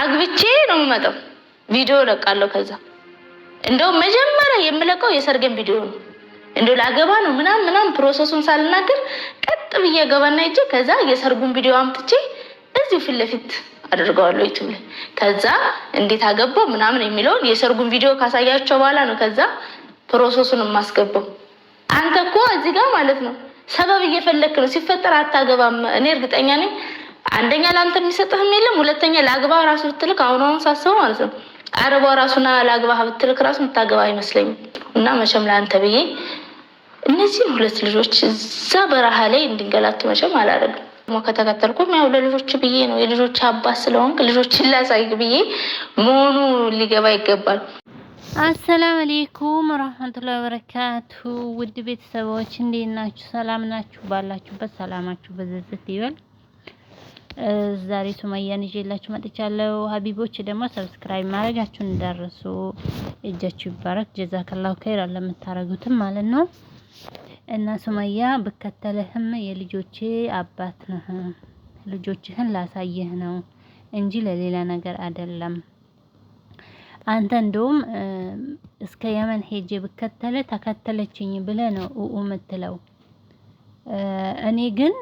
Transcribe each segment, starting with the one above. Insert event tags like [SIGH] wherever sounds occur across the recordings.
አግብቼ ነው የምመጣው። ቪዲዮ ለቃለሁ። ከዛ እንደው መጀመሪያ የምለቀው የሰርገን ቪዲዮ ነው። እንደው ላገባ ነው ምናም ምናም ፕሮሰሱን ሳልናገር ቀጥ ብዬ ገባና ይቼ ከዛ የሰርጉን ቪዲዮ አምጥቼ እዚሁ ፊት ለፊት አድርገዋለሁ ዩቱብ ላይ። ከዛ እንዴት አገባው ምናምን የሚለውን የሰርጉን ቪዲዮ ካሳያቸው በኋላ ነው ከዛ ፕሮሰሱን የማስገባው። አንተ እኮ እዚህ ጋር ማለት ነው ሰበብ እየፈለክ ነው ሲፈጠር አታገባም። እኔ እርግጠኛ ነኝ አንደኛ ለአንተ የሚሰጥህም የለም፣ ሁለተኛ ለአግባ ራሱ ብትልክ አሁን አሁን ሳስበው ማለት ነው አረቧ ራሱና ለአግባ ብትልክ ራሱ የምታገባ አይመስለኝም። እና መቼም ለአንተ ብዬ እነዚህም ሁለት ልጆች እዛ በረሃ ላይ እንድንገላቱ መቼም አላደርግም። ሞ ከተከተልኩም ያው ለልጆች ብዬ ነው የልጆች አባት ስለሆንክ ልጆች ላሳይ ብዬ መሆኑ ሊገባ ይገባል። አሰላም አሌይኩም ረህመቱላሂ ወበረካቱ። ውድ ቤተሰቦች እንዴት ናችሁ? ሰላም ናችሁ? ባላችሁበት ሰላማችሁ በዝዝት ይበል። ዛሬ ሱመያን ይዤላችሁ መጥቻለሁ። ሀቢቦች ደግሞ ሰብስክራይብ ማድረጋችሁን እንዳረሱ እጃችሁ ይባረክ። ጀዛከላሁ ኸይር ለምታረጉትም ማለት ነው። እና ሱመያ ብከተልህም የልጆቼ አባት ነህ፣ ልጆችህን ላሳየህ ነው እንጂ ለሌላ ነገር አይደለም። አንተ እንደውም እስከ የመን ሄጄ ብከተለ ተከተለችኝ ብለህ ነው ኡኡ የምትለው እኔ ግን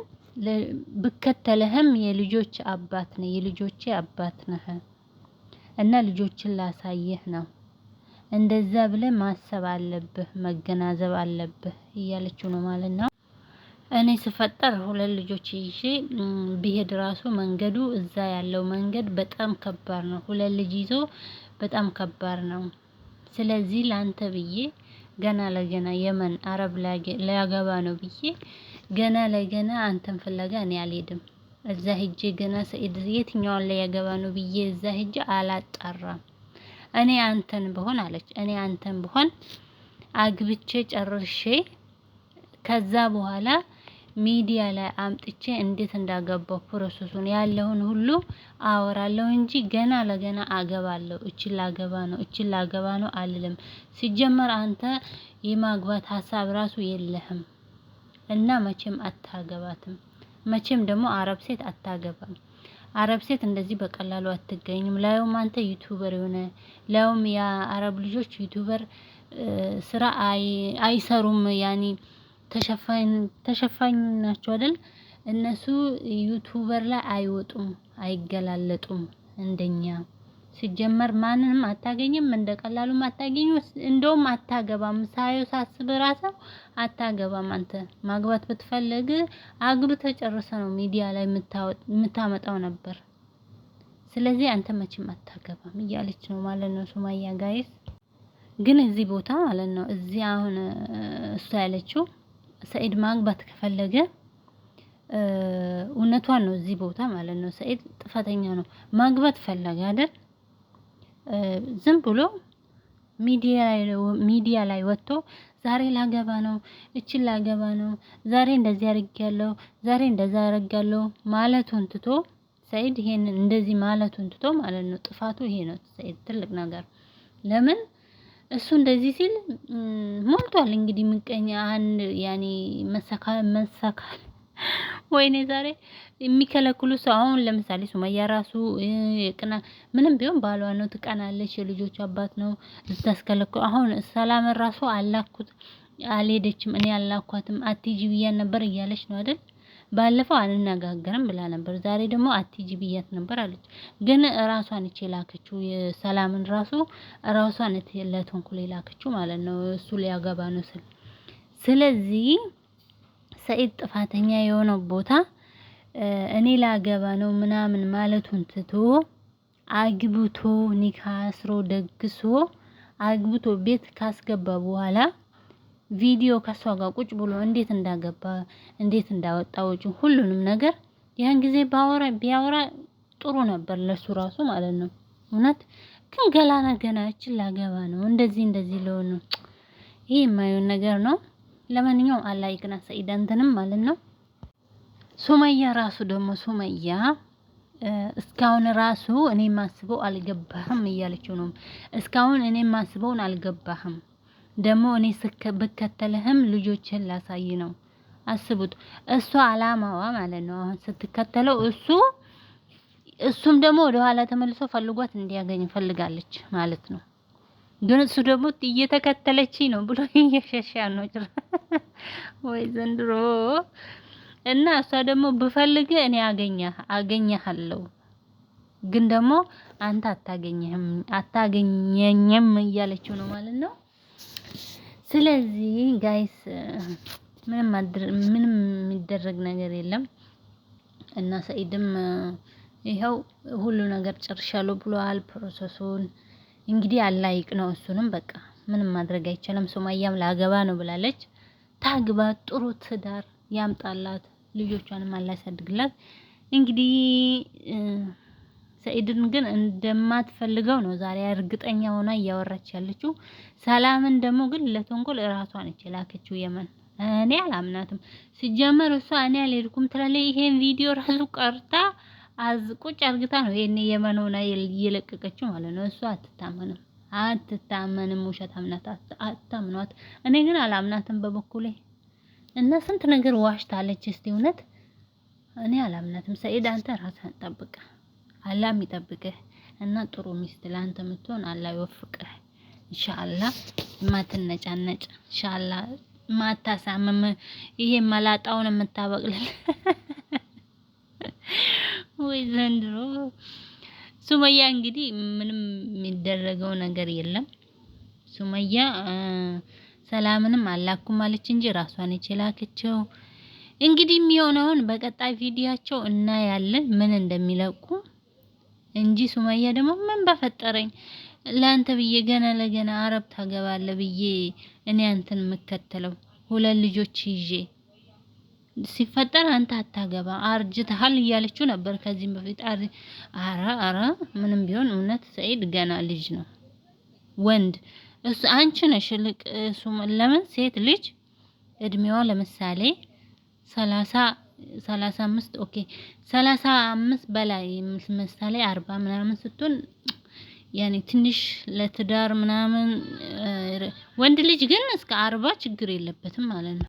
ብከተለህም የልጆች አባት ነህ፣ የልጆቼ አባት ነህ እና ልጆችን ላሳየህ ነው። እንደዛ ብለህ ማሰብ አለብህ፣ መገናዘብ አለብህ እያለችው ነው ማለት ነው። እኔ ስፈጠር ሁለት ልጆች ይዤ ብሄድ ራሱ መንገዱ እዛ ያለው መንገድ በጣም ከባድ ነው። ሁለት ልጅ ይዞ በጣም ከባድ ነው። ስለዚህ ላንተ ብዬ ገና ለገና የመን አረብ ሊያገባ ነው ብዬ ገና ለገና አንተን ፍለጋ እኔ አልሄድም። እዛ ሄጄ ገና ሰኢድ የትኛውን ላይ ያገባ ነው ብዬ እዛ ሄጄ አላጣራም። እኔ አንተን ብሆን አለች፣ እኔ አንተን ብሆን አግብቼ ጨርሼ ከዛ በኋላ ሚዲያ ላይ አምጥቼ እንዴት እንዳገባው ፕሮሰሱን ያለውን ሁሉ አወራለሁ እንጂ ገና ለገና አገባለሁ እቺ ላገባ ነው እቺ ላገባ ነው አልልም። ሲጀመር አንተ የማግባት ሀሳብ ራሱ የለህም። እና መቼም አታገባትም። መቼም ደግሞ አረብ ሴት አታገባም። አረብ ሴት እንደዚህ በቀላሉ አትገኝም። ላዩም አንተ ዩቲዩበር የሆነ ላዩም የአረብ ልጆች ዩቲዩበር ስራ አይሰሩም። ያኔ ተሸፋኝ ተሸፋኝ ናቸው አይደል? እነሱ ዩቲዩበር ላይ አይወጡም፣ አይገላለጡም እንደኛ ሲጀመር ማንንም አታገኝም፣ እንደ ቀላሉም አታገኙ። እንደውም አታገባም። ሳየው ሳስብ ራሰው አታገባም። አንተ ማግባት ብትፈልግ አግብተህ ተጨርሰ ነው ሚዲያ ላይ የምታመጣው ነበር። ስለዚህ አንተ መቼም አታገባም እያለች ነው ማለት ነው ሱማያ ጋይስ። ግን እዚህ ቦታ ማለት ነው እዚህ አሁን እሷ ያለችው ሰኢድ ማግባት ከፈለገ እውነቷን ነው። እዚህ ቦታ ማለት ነው ሰኢድ ጥፋተኛ ነው። ማግባት ፈለገ አይደል ዝም ብሎ ሚዲያ ላይ ወጥቶ ዛሬ ላገባ ነው፣ እችን ላገባ ነው፣ ዛሬ እንደዚህ አድርጌያለሁ፣ ዛሬ እንደዛ አደርጋለሁ ማለቱን ትቶ ሰይድ ይሄን እንደዚህ ማለቱን ትቶ ማለት ነው። ጥፋቱ ይሄ ነው ሰይድ ትልቅ ነገር። ለምን እሱ እንደዚህ ሲል ሞልቷል። እንግዲህ ምቀኛ አንድ ያኔ መሰካ መሰካል ወይኔ ዛሬ የሚከለክሉ ሰው አሁን ለምሳሌ ሱመያ ራሱ ቅና ምንም ቢሆን ባሏ ነው፣ ትቀናለች። የልጆች አባት ነው ልታስከለክሉ። አሁን ሰላምን ራሱ አላኩት አልሄደችም፣ እኔ አላኳትም አትሂጂ ብያት ነበር እያለች ነው አይደል? ባለፈው አንነጋገርም ብላ ነበር፣ ዛሬ ደግሞ አትሂጂ ብያት ነበር አለች። ግን ራሷን እቺ የላከችው ሰላምን ራሱ ራሷን ለተንኩል የላከችው ማለት ነው፣ እሱ ሊያገባ ነው ስል ስለዚህ ሰኢድ ጥፋተኛ የሆነው ቦታ እኔ ላገባ ነው ምናምን ማለቱን ትቶ አግብቶ ኒካ አስሮ ደግሶ አግብቶ ቤት ካስገባ በኋላ ቪዲዮ ከሷ ጋር ቁጭ ብሎ እንዴት እንዳገባ እንዴት እንዳወጣ ወጪ ሁሉንም ነገር ያን ጊዜ ባወራ ቢያወራ ጥሩ ነበር ለሱ ራሱ ማለት ነው። እውነት ግን ገላና ገናችን ላገባ ነው እንደዚህ እንደዚህ ለሆነ ይሄ የማይሆን ነገር ነው። ለማንኛውም አላህ ይቅና ሰኢዳ እንትንም ማለት ነው። ሱመያ ራሱ ደግሞ ሱመያ እስካሁን ራሱ እኔ ማስበው አልገባህም እያለችው ነው። እስካሁን እኔ ማስበውን አልገባህም፣ ደግሞ እኔ ብከተልህም ልጆችን ላሳይ ነው። አስቡት፣ እሱ አላማዋ ማለት ነው አሁን ስትከተለው እሱ እሱም ደግሞ ወደኋላ ተመልሶ ፈልጓት እንዲያገኝ ፈልጋለች ማለት ነው። እሱ ደግሞ እየተከተለችኝ ነው ብሎ እየሸሻ ነው ጭራ። ወይ ዘንድሮ! እና እሷ ደግሞ ብፈልግ እኔ አገኛ አገኛለሁ ግን ደግሞ አንተ አታገኘህም አታገኘኝም እያለችው ነው ማለት ነው። ስለዚህ ጋይስ ምንም ምንም የሚደረግ ነገር የለም እና ሰኢድም ይኸው ሁሉ ነገር ጨርሻለሁ ብሏል ፕሮሰሱን እንግዲህ አላይቅ ነው። እሱንም በቃ ምንም ማድረግ አይቻልም። ሱማያም ላገባ ነው ብላለች። ታግባ ጥሩ ትዳር ያምጣላት፣ ልጆቿንም አላሳድግላት። እንግዲህ ሰኢድን ግን እንደማትፈልገው ነው ዛሬ እርግጠኛ ሆና እያወራች ያለችው። ሰላምን ደግሞ ግን ለተንኮል እራሷን ነች ላከችው የመን። እኔ አላምናትም። ሲጀመር እሷ እኔ አልሄድኩም ትላለች። ይሄን ቪዲዮ ራሱ ቀርታ አዝ ቁጭ አርግታ ነው ይሄን የመኖና እየለቀቀችው ማለት ነው። እሷ አትታመንም አትታመንም፣ ውሸታም አምናት አታምኗት። እኔ ግን አላምናትም በበኩሌ እና ስንት ነገር ዋሽታለች። እስቲ እውነት እኔ አላምናትም። ሰኢድ አንተ ራስህን ጠብቅ፣ አላህ ይጠብቅህ እና ጥሩ ሚስት ለአንተ የምትሆን አላህ ይወፍቅህ ኢንሻአላህ። ማትነጫነጭ ኢንሻአላህ፣ ማታሳምም ይሄ መላጣውን የምታበቅልል [LAUGHS] ወይ ዘንድሮ ሱመያ እንግዲህ ምንም የሚደረገው ነገር የለም። ሱመያ ሰላምንም አላኩም አለች እንጂ ራሷን የላከችው። እንግዲህ የሚሆነውን በቀጣይ ቪዲያቸው እና ያለን ምን እንደሚለቁ እንጂ ሱመያ ደግሞ ምን በፈጠረኝ ለአንተ ብዬ ገና ለገና አረብ ታገባለ ብዬ እኔ አንተን የምከተለው ሁለት ልጆች ይዤ ሲፈጠር አንተ አታገባ አርጅተሃል እያለችው ነበር ከዚህም በፊት። አረ አረ ምንም ቢሆን እውነት ሰኢድ ገና ልጅ ነው ወንድ እሱ አንቺ ነሽ ልቅ እሱ ለምን ሴት ልጅ እድሜዋ ለምሳሌ 30 35 ኦኬ 35 በላይ ምሳሌ አርባ ምናምን ስትሆን ያኔ ትንሽ ለትዳር ምናምን ወንድ ልጅ ግን እስከ አርባ ችግር የለበትም ማለት ነው።